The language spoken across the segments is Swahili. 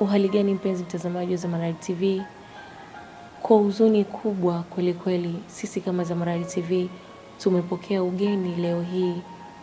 Uhali gani mpenzi mtazamaji wa Zamaradi TV? Kwa huzuni kubwa kweli kweli, sisi kama Zamaradi TV tumepokea ugeni leo hii,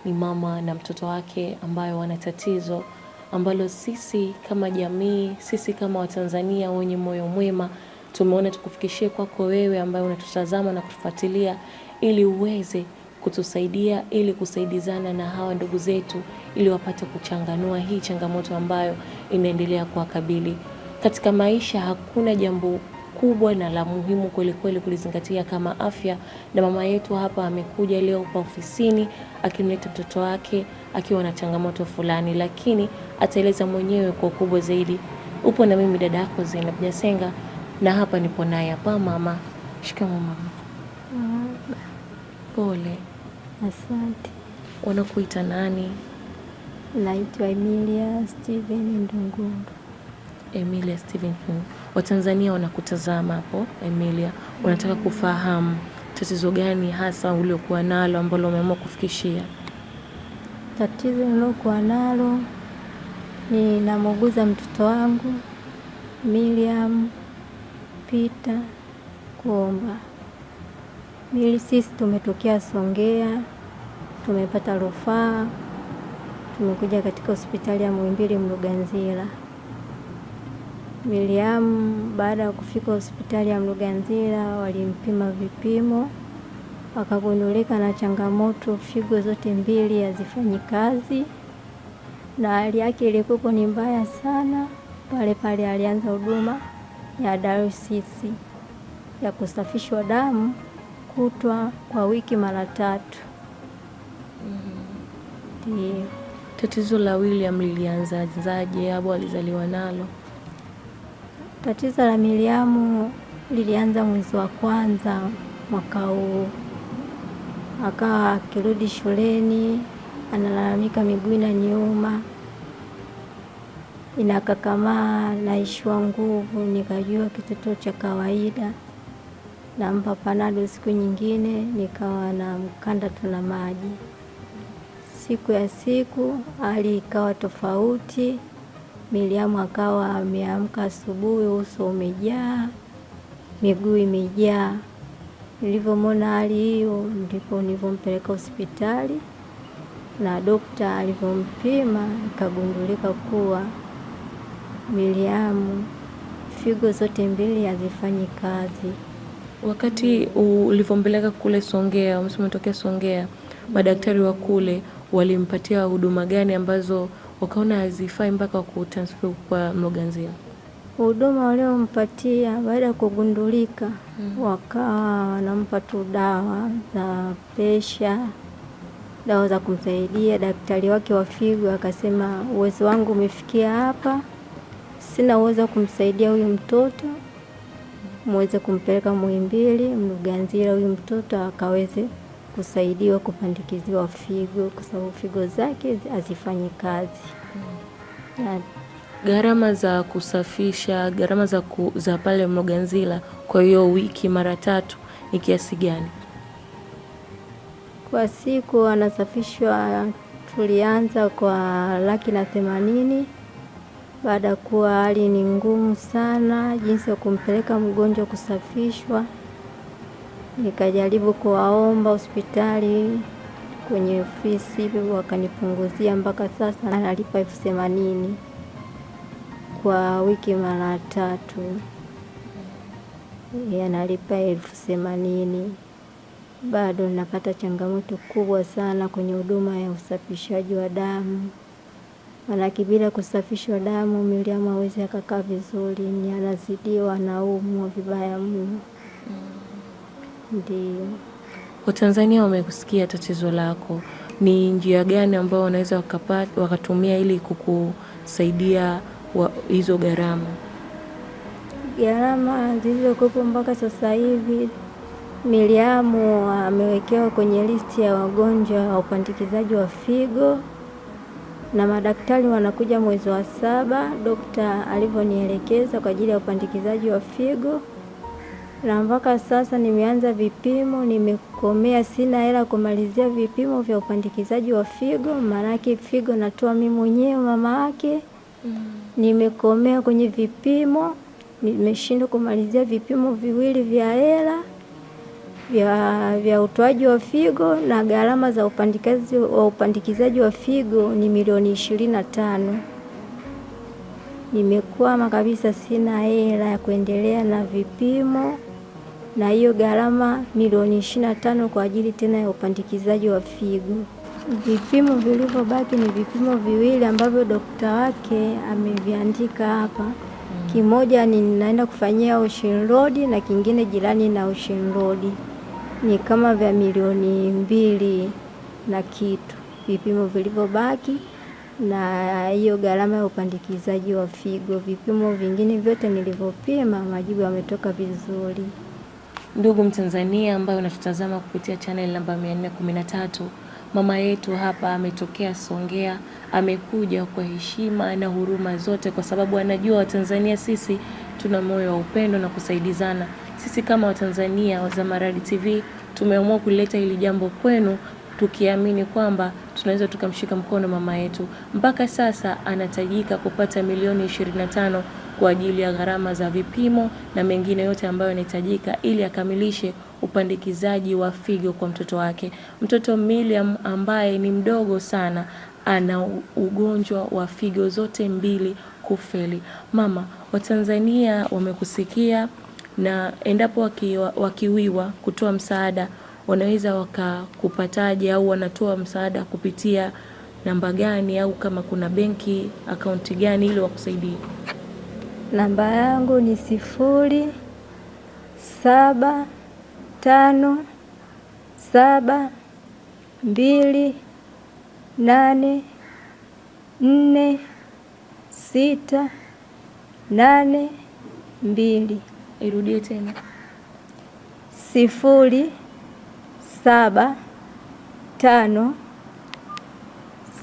ni mama na mtoto wake ambayo wana tatizo ambalo sisi kama jamii, sisi kama Watanzania wenye moyo mwema tumeona tukufikishie kwako wewe ambaye unatutazama na kutufuatilia ili uweze kutusaidia ili kusaidizana na hawa ndugu zetu ili wapate kuchanganua hii changamoto ambayo inaendelea kuwakabili katika maisha. Hakuna jambo kubwa na la muhimu kweli kweli kulizingatia kama afya. Na mama yetu hapa amekuja leo kwa ofisini akimleta mtoto wake akiwa na changamoto fulani, lakini ataeleza mwenyewe kwa ukubwa zaidi. Upo na mimi dada yako Zainab Nyasenga, na hapa nipo naye hapa. Mama, shikamoo mama. Mm-hmm. Pole. Asante. Wanakuita nani? Naitwa Emilia Steven Ndunguru. Emilia Steven Watanzania wanakutazama hapo Emilia, wanataka kufahamu tatizo gani hasa uliokuwa nalo ambalo umeamua kufikishia? Tatizo nilokuwa nalo ninamuuguza mtoto wangu Miriam Peter Kuomba. Mili, sisi tumetokea Songea, tumepata rufaa, tumekuja katika hospitali ya Muhimbili Mloganzila. Miriam baada ya kufika hospitali ya Mloganzila walimpima vipimo, wakagundulika na changamoto figo zote mbili hazifanyi kazi, na hali yake ilikuwa ni mbaya sana. Pale pale alianza huduma ya dialysis ya kusafishwa damu kutwa kwa wiki mara tatu. mm -hmm. Tatizo la William lilianzaje? hapo, alizaliwa nalo? Tatizo la Miriamu lilianza mwezi wa kwanza mwaka huu, akawa akirudi shuleni analalamika miguu na nyuma inakakamaa, naishiwa nguvu. Nikajua kitoto cha kawaida nampa panado. Siku nyingine nikawa na tu na maji. Siku ya siku hali ikawa tofauti. miliamu akawa ameamka asubuhi, uso umejaa, miguu imejaa. Nilivyomwona hali hiyo, ndipo nilivyompeleka hospitali na dokta alivyompima ikagundulika kuwa miliamu figo zote mbili hazifanyi kazi. Wakati ulivyompeleka kule Songea, umesema tokea Songea, madaktari wa kule walimpatia huduma gani ambazo wakaona hazifai mpaka kutransfer kwa Mloganzila? Huduma waliompatia baada ya kugundulika, hmm, wakawa wanampa tu dawa za presha, dawa za kumsaidia. Daktari wake wa figo akasema, uwezo wangu umefikia hapa, sina uwezo wa kumsaidia huyu mtoto muweze kumpeleka Muhimbili Mloganzila, huyu mtoto akaweze kusaidiwa kupandikiziwa figo, kwa sababu figo zake hazifanyi kazi na gharama za kusafisha, gharama za, ku, za pale Mloganzila. Kwa hiyo wiki mara tatu ni kiasi gani kwa siku? Anasafishwa, tulianza kwa laki na themanini baada ya kuwa hali ni ngumu sana, jinsi ya kumpeleka mgonjwa kusafishwa. Nikajaribu kuwaomba hospitali kwenye ofisi wakanipunguzia, mpaka sasa analipa elfu themanini kwa wiki mara tatu, yanalipa elfu themanini. Bado napata changamoto kubwa sana kwenye huduma ya usafishaji wa damu. Maanake bila kusafishwa damu, Miriam hawezi akakaa vizuri, ni anazidiwa, anaumwa vibaya mno. Ndio Watanzania wamekusikia tatizo lako, ni njia gani ambao wanaweza wakatumia ili kukusaidia hizo gharama? Gharama zilizokuwepo mpaka sasa hivi Miriam amewekewa kwenye listi ya wagonjwa wa upandikizaji wa figo na madaktari wanakuja mwezi wa saba, dokta alivyonielekeza kwa ajili ya upandikizaji wa figo, na mpaka sasa nimeanza vipimo, nimekomea, sina hela kumalizia vipimo vya upandikizaji wa figo, maanake figo natoa mimi mwenyewe mama yake. Mm. Nimekomea kwenye vipimo, nimeshindwa kumalizia vipimo viwili vya hela vya, vya utoaji wa figo na gharama za upandikizaji wa upandikizaji wa figo ni milioni ishirini na tano. Nimekwama kabisa, sina hela ya kuendelea na vipimo na hiyo gharama milioni ishirini na tano kwa ajili tena ya upandikizaji wa figo. Vipimo vilivyobaki ni vipimo viwili ambavyo dokta wake ameviandika hapa. Mm. Kimoja ni naenda kufanyia Ocean Road na kingine jirani na Ocean Road ni kama vya milioni mbili na kitu, vipimo vilivyobaki na hiyo gharama ya upandikizaji wa figo. Vipimo vingine vyote nilivyopima, majibu yametoka vizuri. Ndugu Mtanzania ambaye unatutazama kupitia chaneli namba 413 mama yetu hapa ametokea Songea, amekuja kwa heshima na huruma zote, kwa sababu anajua Watanzania sisi tuna moyo wa upendo na kusaidizana. Sisi kama Watanzania wa Zamaradi TV tumeamua kuleta hili jambo kwenu tukiamini kwamba tunaweza tukamshika mkono mama yetu. Mpaka sasa anatajika kupata milioni 25 kwa ajili ya gharama za vipimo na mengine yote ambayo yanahitajika ili akamilishe upandikizaji wa figo kwa mtoto wake. Mtoto Miriam ambaye ni mdogo sana ana ugonjwa wa figo zote mbili kufeli. Mama, Watanzania wamekusikia na endapo wakiwiwa wakiwiwa kutoa msaada wanaweza wakakupataje au wanatoa msaada kupitia namba gani au kama kuna benki akaunti gani ili wakusaidie? Namba yangu ni sifuri saba tano saba mbili nane nne sita nane mbili. Irudie tena. Sifuri saba tano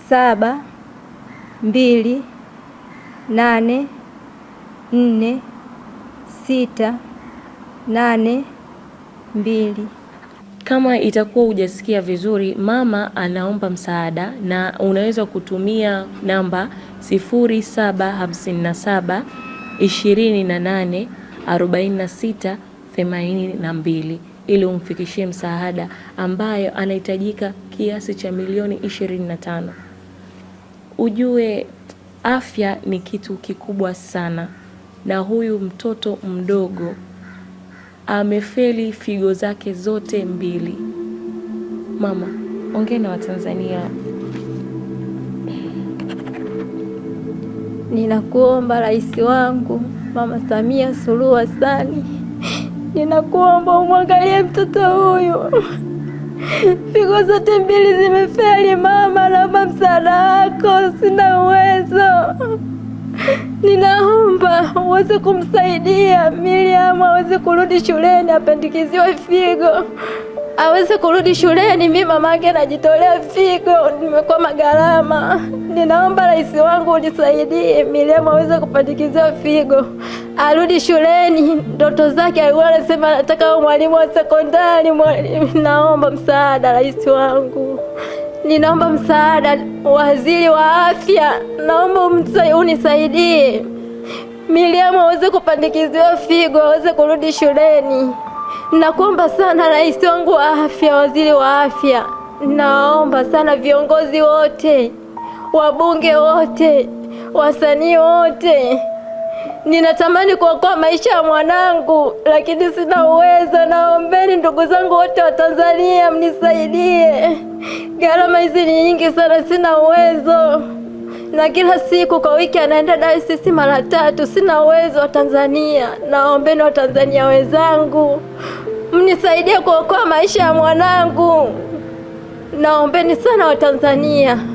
saba mbili nane nne sita nane mbili. Kama itakuwa hujasikia vizuri, mama anaomba msaada na unaweza kutumia namba sifuri saba hamsini na saba ishirini na nane 4682 ili umfikishie msaada ambayo anahitajika kiasi cha milioni 25. Ujue afya ni kitu kikubwa sana, na huyu mtoto mdogo amefeli figo zake zote mbili. Mama, ongea na Watanzania. Ninakuomba rais wangu Mama Samia Suluhu Hassan, ninakuomba umwangalie mtoto huyu. Figo zote mbili zimefeli mama, naomba msaada wako, sina uwezo. Ninaomba uweze kumsaidia Miriam aweze kurudi shuleni, apandikiziwe figo aweze kurudi shuleni. Mimi yake najitolea figo, nimekwama gharama. Ninaomba rais wangu unisaidie Mariam aweze kupandikizia figo, arudi shuleni. Ndoto zake alikuwa anasema nataka mwalimu wa sekondari. Naomba msaada rais wangu, ninaomba msaada waziri wa afya, naomba unisaidie Mariam aweze kupandikiziwa figo, aweze kurudi shuleni. Nakuomba sana rais wangu wa afya, waziri wa afya, nawaomba sana viongozi wote, wabunge wote, wasanii wote, ninatamani kuokoa maisha ya mwanangu, lakini sina uwezo. Naombeni ndugu zangu wote wa Tanzania, mnisaidie, gharama hizi ni nyingi sana, sina uwezo na kila siku kwa wiki anaenda dayosisi mara tatu. Sina uwezo wa Tanzania, nawaombeni Watanzania wenzangu, mnisaidie kuokoa maisha ya mwanangu. Naombeni sana Watanzania.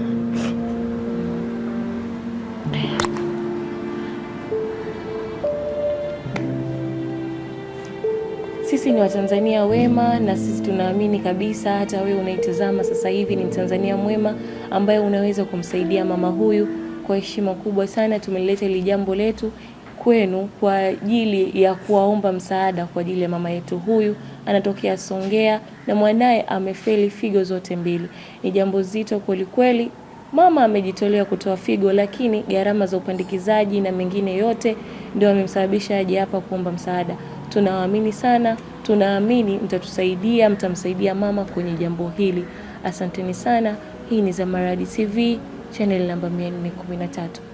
sisi ni Watanzania wema na sisi tunaamini kabisa, hata wewe unaitazama sasa hivi ni Mtanzania mwema ambaye unaweza kumsaidia mama huyu. Kwa heshima kubwa sana tumelileta hili jambo letu kwenu kwa ajili ya kuwaomba msaada kwa ajili ya mama yetu huyu, anatokea Songea na mwanaye amefeli figo zote mbili. Ni jambo zito kwelikweli. Mama amejitolea kutoa figo, lakini gharama za upandikizaji na mengine yote ndio amemsababisha aje hapa kuomba msaada tunaamini sana, tunaamini mtatusaidia, mtamsaidia mama kwenye jambo hili. Asanteni sana. Hii ni Zamaradi TV channel namba 413.